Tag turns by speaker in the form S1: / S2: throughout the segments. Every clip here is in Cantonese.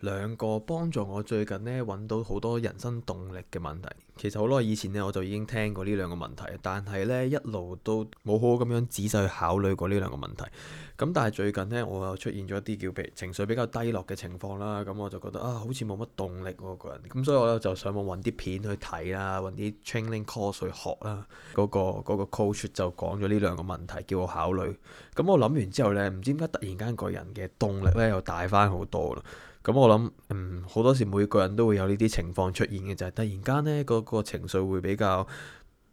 S1: 兩個幫助我最近呢揾到好多人生動力嘅問題。其實好耐以前呢，我就已經聽過呢兩個問題，但係呢一路都冇好好咁樣仔細去考慮過呢兩個問題。咁但係最近呢，我又出現咗一啲叫情緒比較低落嘅情況啦。咁、嗯、我就覺得啊，好似冇乜動力喎、啊、個人。咁、嗯、所以我呢就上網揾啲片去睇啦，揾啲 training course 去學啦。嗰、嗰個嗰、嗰個 coach 就講咗呢兩個問題，叫我考慮。咁、嗯、我諗完之後呢，唔知點解突然間個人嘅動力呢又大翻好多啦。咁我諗，嗯，好多時每個人都會有呢啲情況出現嘅，就係突然間呢，個個情緒會比較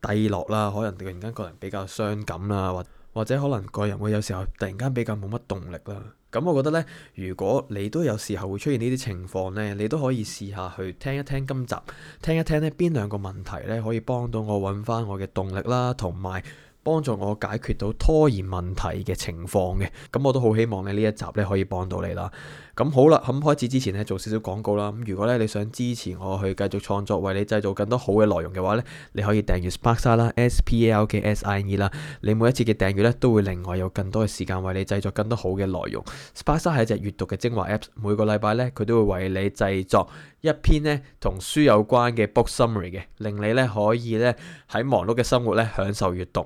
S1: 低落啦，可能突然間個人比較傷感啦，或或者可能個人會有時候突然間比較冇乜動力啦。咁我覺得呢，如果你都有時候會出現呢啲情況呢，你都可以試下去聽一聽今集，聽一聽呢邊兩個問題呢，可以幫到我揾翻我嘅動力啦，同埋，幫助我解決到拖延問題嘅情況嘅，咁我都好希望咧呢一集咧可以幫到你啦。咁好啦，咁開始之前咧做少少廣告啦。咁如果咧你想支持我去繼續創作，為你製造更多好嘅內容嘅話咧，你可以訂閱 s p a c k l e 啦，S P A L 嘅 S I E 啦。你每一次嘅訂閱咧，都會另外有更多嘅時間為你製作更多好嘅內容。s p a c k l e 係一隻閱讀嘅精華 Apps，每個禮拜咧佢都會為你製作一篇咧同書有關嘅 book summary 嘅，令你咧可以咧喺忙碌嘅生活咧享受閱讀。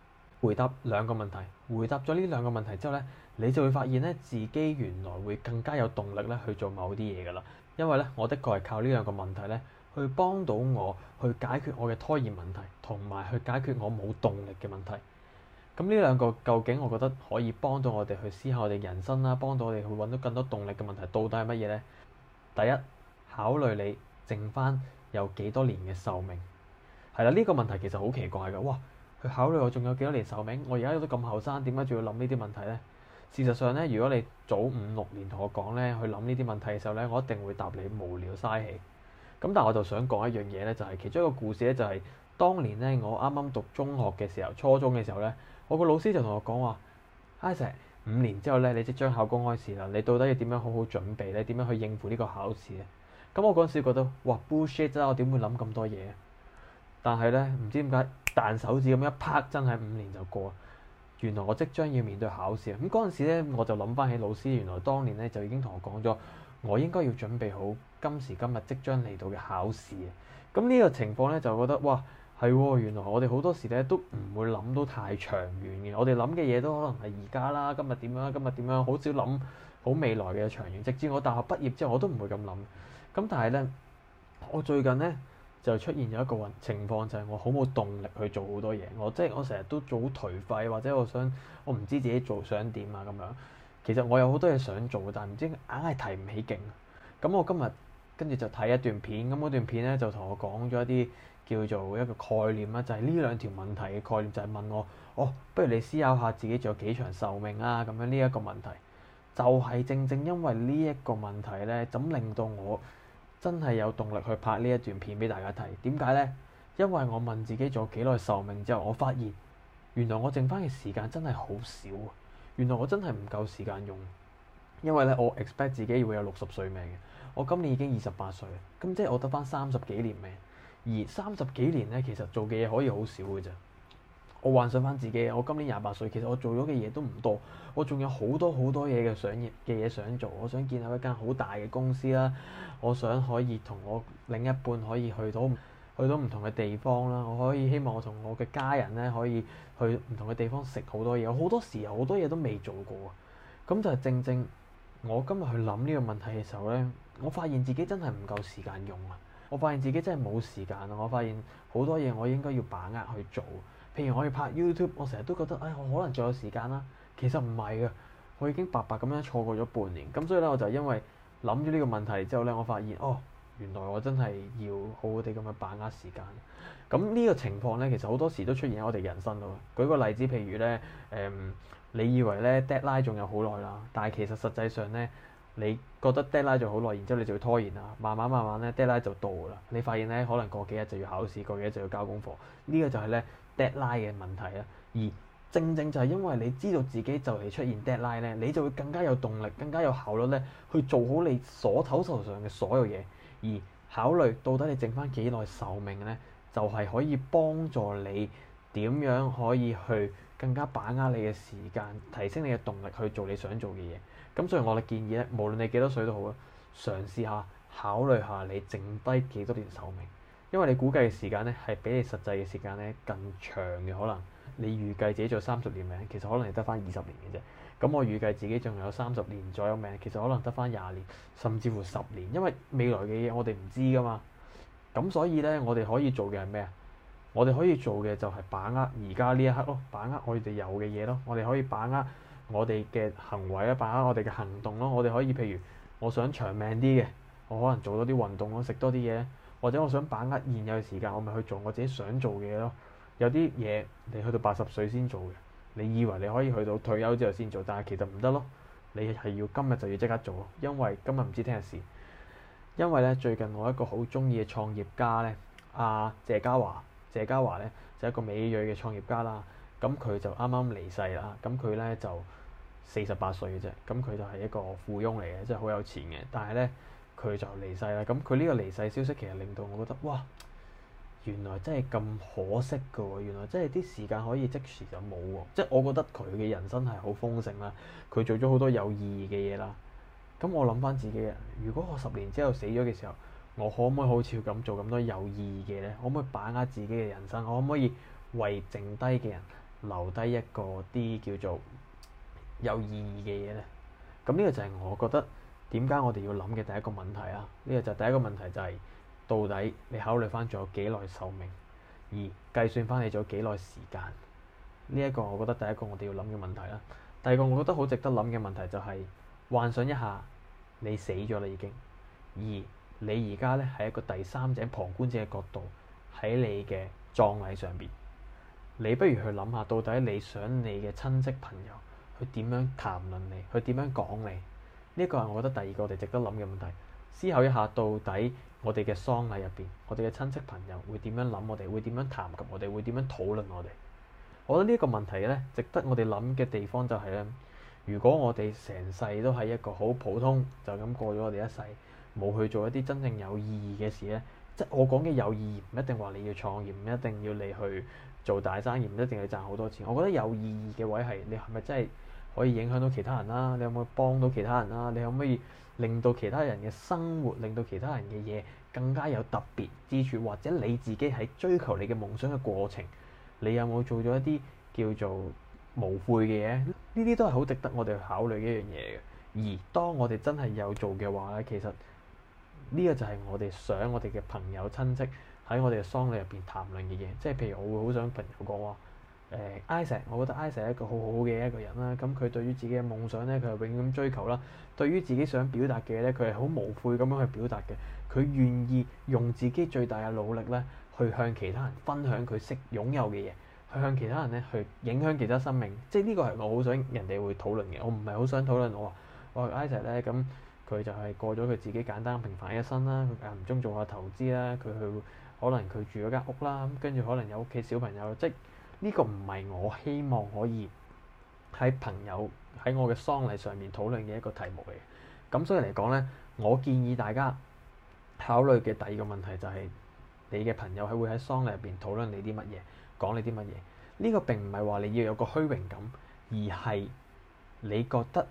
S1: 回答兩個問題，回答咗呢兩個問題之後呢，你就會發現咧自己原來會更加有動力咧去做某啲嘢㗎啦。因為呢，我的確係靠呢兩個問題呢，去幫到我去解決我嘅拖延問題，同埋去解決我冇動力嘅問題。咁呢兩個究竟我覺得可以幫到我哋去思考我哋人生啦，幫到我哋去揾到更多動力嘅問題，到底係乜嘢呢？第一，考慮你剩翻有幾多年嘅壽命係啦。呢個問題其實好奇怪㗎，哇！佢考慮我仲有幾多年壽命？我而家都咁後生，點解仲要諗呢啲問題呢？事實上呢，如果你早五六年同我講呢，去諗呢啲問題嘅時候呢，我一定會答你無聊嘥氣。咁但係我就想講一樣嘢呢，就係、是、其中一個故事呢、就是，就係當年呢，我啱啱讀中學嘅時候，初中嘅時候呢，我個老師就同我講話，Ish，五年之後呢，你即將考公開試啦，你到底要點樣好好準備呢？點樣去應付呢個考試呢？」咁我嗰陣時覺得，哇，bullshit 啦！我點會諗咁多嘢？但係呢，唔知點解。彈手指咁一拍，真係五年就過。原來我即將要面對考試。咁嗰陣時咧，我就諗翻起老師，原來當年咧就已經同我講咗，我應該要準備好今時今日即將嚟到嘅考試。咁呢個情況咧，就覺得哇，係原來我哋好多時咧都唔會諗到太長遠嘅。我哋諗嘅嘢都可能係而家啦，今日點樣？今日點樣？好少諗好未來嘅長遠。直至我大學畢業之後，我都唔會咁諗。咁但係咧，我最近咧，就出現咗一個情況，就係我好冇動力去做好多嘢，我即係我成日都做好頹廢，或者我想我唔知自己做想點啊，咁樣。其實我有好多嘢想做，但係唔知硬係提唔起勁。咁我今日跟住就睇一段片，咁嗰段片咧就同我講咗一啲叫做一個概念啦，就係呢兩條問題嘅概念，就係問我：哦，不如你思考下自己仲有幾長壽命啊？咁樣呢一個問題，就係正正因為呢一個問題咧，咁令到我真係有動力去拍呢一段片俾大家睇。點解呢？因為我問自己咗幾耐壽命之後，我發現原來我剩翻嘅時間真係好少啊！原來我真係唔夠時間用，因為咧我 expect 自己會有六十歲命嘅。我今年已經二十八歲，咁即係我得翻三十幾年命。而三十幾年呢，其實做嘅嘢可以好少嘅咋。我幻想翻自己，我今年廿八歲，其實我做咗嘅嘢都唔多。我仲有好多好多嘢嘅想嘅嘢想做。我想建立一間好大嘅公司啦。我想可以同我另一半可以去到去到唔同嘅地方啦，我可以希望我同我嘅家人咧可以去唔同嘅地方食好多嘢，我好多時候好多嘢都未做過啊。咁就係正正我今日去諗呢個問題嘅時候呢，我發現自己真係唔夠時間用啊，我發現自己真係冇時間啊，我發現好多嘢我應該要把握去做。譬如我要拍 YouTube，我成日都覺得誒、哎、我可能仲有時間啦，其實唔係嘅，我已經白白咁樣錯過咗半年。咁所以呢，我就因為。諗住呢個問題之後咧，我發現哦，原來我真係要好好地咁樣把握時間。咁呢個情況咧，其實好多時都出現喺我哋人生度。舉個例子，譬如咧，誒、嗯，你以為咧 deadline 仲有好耐啦，但係其實實際上咧，你覺得 deadline 仲好耐，然之後你就會拖延啦，慢慢慢慢咧 deadline 就到啦。你發現咧，可能過幾日就要考試，過幾日就要交功課。呢、這個就係咧 deadline 嘅問題啦。而正正就係因為你知道自己就嚟出現 deadline 咧，你就會更加有動力，更加有效率咧，去做好你手頭上嘅所有嘢。而考慮到底你剩翻幾耐壽命咧，就係、是、可以幫助你點樣可以去更加把握你嘅時間，提升你嘅動力去做你想做嘅嘢。咁所以我哋建議咧，無論你幾多歲都好，嘗試下考慮下你剩低幾多年壽命，因為你估計嘅時間咧係比你實際嘅時間咧更長嘅可能。你預計自己做三十年命，其實可能係得翻二十年嘅啫。咁我預計自己仲有三十年左右命，其實可能得翻廿年，甚至乎十年。因為未來嘅嘢我哋唔知噶嘛。咁所以咧，我哋可以做嘅係咩啊？我哋可以做嘅就係把握而家呢一刻咯，把握我哋有嘅嘢咯。我哋可以把握我哋嘅行為啊，把握我哋嘅行動咯。我哋可以譬如，我想長命啲嘅，我可能做多啲運動咯，食多啲嘢，或者我想把握現有嘅時間，我咪去做我自己想做嘅嘢咯。有啲嘢你去到八十歲先做嘅，你以為你可以去到退休之後先做，但係其實唔得咯。你係要今日就要即刻做，因為今日唔知聽日事。因為咧最近我一個好中意嘅創業家咧，阿謝家華，謝家華咧就係一個美裔嘅創業家啦。咁佢就啱啱離世啦。咁佢咧就四十八歲嘅啫。咁佢就係一個富翁嚟嘅，即係好有錢嘅。但係咧佢就離世啦。咁佢呢個離世消息其實令到我覺得哇～原來真係咁可惜嘅喎，原來真係啲時間可以即時就冇喎，即係我覺得佢嘅人生係好豐盛啦，佢做咗好多有意義嘅嘢啦。咁我諗返自己啊，如果我十年之後死咗嘅時候，我可唔可以好似咁做咁多有意義嘅咧？可唔可以把握自己嘅人生？可唔可以為剩低嘅人留低一個啲叫做有意義嘅嘢咧？咁呢個就係我覺得點解我哋要諗嘅第一個問題啊！呢個就係第一個問題就係、是。到底你考慮翻仲有幾耐壽命，而計算翻你仲有幾耐時間，呢一個我覺得第一個我哋要諗嘅問題啦。第二個我覺得好值得諗嘅問題就係幻想一下你死咗啦已經，而你而家咧係一個第三者、旁觀者嘅角度喺你嘅葬禮上邊，你不如去諗下到底你想你嘅親戚朋友去點樣談論你，去點樣講你。呢個係我覺得第二個我哋值得諗嘅問題。思考一下，到底我哋嘅喪禮入邊，我哋嘅親戚朋友會點樣諗？我哋會點樣談及我哋？會點樣討論我哋？我覺得呢一個問題呢值得我哋諗嘅地方就係呢：如果我哋成世都係一個好普通，就咁過咗我哋一世，冇去做一啲真正有意義嘅事呢？即係我講嘅有意義，唔一定話你要創業，唔一定要你去做大生意，唔一定要賺好多錢。我覺得有意義嘅位係你係咪真係可以影響到其他人啦？你可唔可以幫到其他人啦？你可唔可以……令到其他人嘅生活，令到其他人嘅嘢更加有特別之處，或者你自己喺追求你嘅夢想嘅過程，你有冇做咗一啲叫做無悔嘅嘢？呢啲都係好值得我哋去考慮一樣嘢嘅。而當我哋真係有做嘅話咧，其實呢個就係我哋想我哋嘅朋友親戚喺我哋嘅喪禮入邊談論嘅嘢，即係譬如我會好想朋友講話。誒，Isa，欸、我覺得 Isa 係一個好好嘅一個人啦。咁佢對於自己嘅夢想咧，佢係永遠咁追求啦。對於自己想表達嘅嘢咧，佢係好無悔咁樣去表達嘅。佢願意用自己最大嘅努力咧，去向其他人分享佢識擁有嘅嘢，去向其他人咧去影響其他生命。即係呢個係我好想人哋會討論嘅。我唔係好想討論我話我 Isa 咧，咁佢就係過咗佢自己簡單平凡一生啦。間唔中做下投資啦，佢去可能佢住咗間屋啦，跟住可能有屋企小朋友即呢個唔係我希望可以喺朋友喺我嘅喪禮上面討論嘅一個題目嚟，咁所以嚟講呢，我建議大家考慮嘅第二個問題就係，你嘅朋友喺會喺喪禮入邊討論你啲乜嘢，講你啲乜嘢？呢個並唔係話你要有個虛榮感，而係你覺得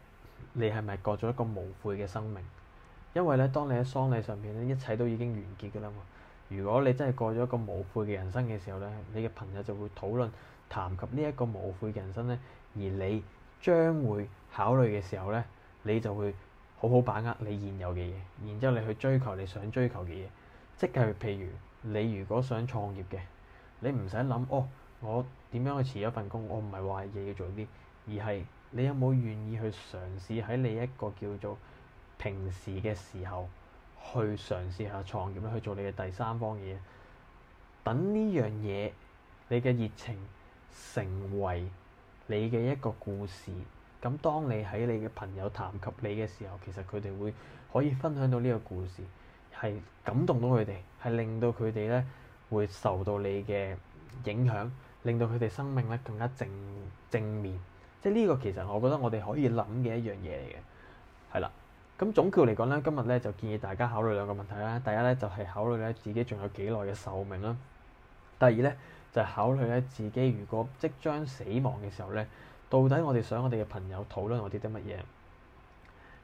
S1: 你係咪過咗一個無悔嘅生命？因為呢，當你喺喪禮上面呢，一切都已經完結㗎喇嘛。如果你真係過咗一個無悔嘅人生嘅時候呢，你嘅朋友就會討論，談及呢一個無悔嘅人生呢，而你將會考慮嘅時候呢，你就會好好把握你現有嘅嘢，然之後你去追求你想追求嘅嘢，即係譬如你如果想創業嘅，你唔使諗哦，我點樣去辭咗份工，我唔係話嘢要做啲，而係你有冇願意去嘗試喺你一個叫做平時嘅時候。去嘗試下創業去做你嘅第三方嘢。等呢樣嘢，你嘅熱情成為你嘅一個故事。咁當你喺你嘅朋友談及你嘅時候，其實佢哋會可以分享到呢個故事，係感動到佢哋，係令到佢哋咧會受到你嘅影響，令到佢哋生命咧更加正正面。即係呢個其實我覺得我哋可以諗嘅一樣嘢嚟嘅，係啦。咁總括嚟講咧，今日咧就建議大家考慮兩個問題啦。第一咧就係考慮咧自己仲有幾耐嘅壽命啦。第二咧就係考慮咧自己如果即將死亡嘅時候咧，到底我哋想我哋嘅朋友討論我哋啲乜嘢？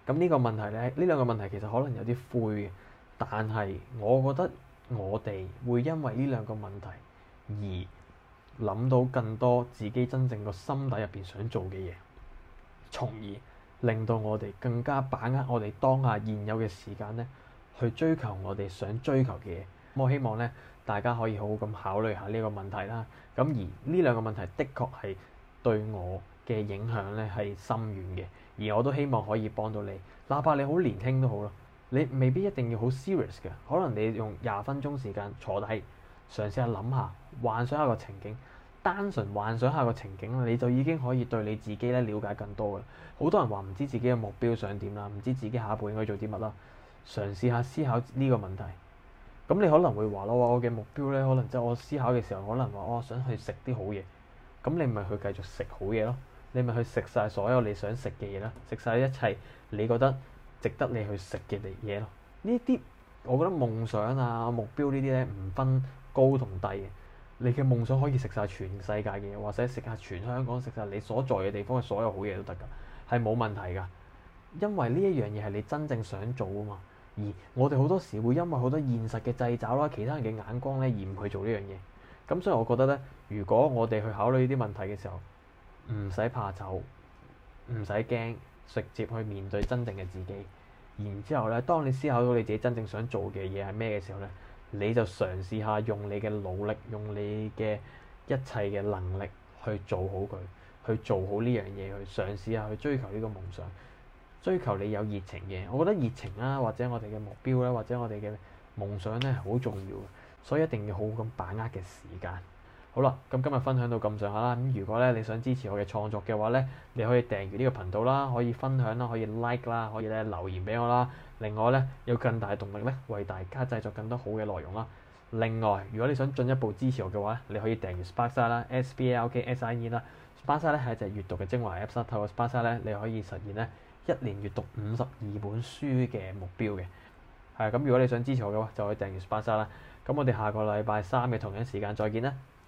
S1: 咁呢個問題咧，呢兩個問題其實可能有啲灰嘅，但係我覺得我哋會因為呢兩個問題而諗到更多自己真正個心底入邊想做嘅嘢，從而，令到我哋更加把握我哋當下現有嘅時間咧，去追求我哋想追求嘅嘢。我希望咧，大家可以好好咁考慮下呢個問題啦。咁而呢兩個問題，的確係對我嘅影響咧係深遠嘅。而我都希望可以幫到你，哪怕你好年輕都好啦。你未必一定要好 serious 嘅，可能你用廿分鐘時間坐低，嘗試下諗下，幻想一個情景。單純幻想下個情景，你就已經可以對你自己咧瞭解更多嘅。好多人話唔知自己嘅目標想點啦，唔知自己下一步應該做啲乜啦。嘗試下思考呢個問題，咁你可能會話咯，我嘅目標咧，可能即係我思考嘅時候，可能話我想去食啲好嘢。咁你咪去繼續食好嘢咯，你咪去食晒所有你想食嘅嘢啦，食晒一切你覺得值得你去食嘅嘢咯。呢啲我覺得夢想啊，目標呢啲咧唔分高同低嘅。你嘅夢想可以食晒全世界嘅嘢，或者食下全香港，食晒你所在嘅地方嘅所有好嘢都得㗎，係冇問題㗎。因為呢一樣嘢係你真正想做啊嘛。而我哋好多時會因為好多現實嘅掣肘啦、其他人嘅眼光咧，而唔去做呢樣嘢。咁所以我覺得咧，如果我哋去考慮呢啲問題嘅時候，唔使怕醜，唔使驚，直接去面對真正嘅自己。然之後咧，當你思考到你自己真正想做嘅嘢係咩嘅時候咧，你就嘗試下用你嘅努力，用你嘅一切嘅能力去做好佢，去做好呢樣嘢，去嘗試下去追求呢個夢想，追求你有熱情嘅。我覺得熱情啦、啊，或者我哋嘅目標啦、啊，或者我哋嘅夢想咧，好重要嘅，所以一定要好好咁把握嘅時間。好啦，咁今日分享到咁上下啦。咁如果咧你想支持我嘅創作嘅話咧，你可以訂閱呢個頻道啦，可以分享啦，可以 like 啦，可以咧留言俾我啦。另外咧有更大動力咧，為大家製作更多好嘅內容啦。另外如果你想進一步支持我嘅話，你可以訂閱 s p a r k s 啦，S B L G S I n 啦。s p a r k s 咧係一隻閱讀嘅精華 apps，s 透過 Sparksa 咧你可以實現咧一年閱讀五十二本書嘅目標嘅。係咁，如果你想支持我嘅話，就去訂閱 s p a r k s 啦。咁我哋下個禮拜三嘅同樣時間再見啦。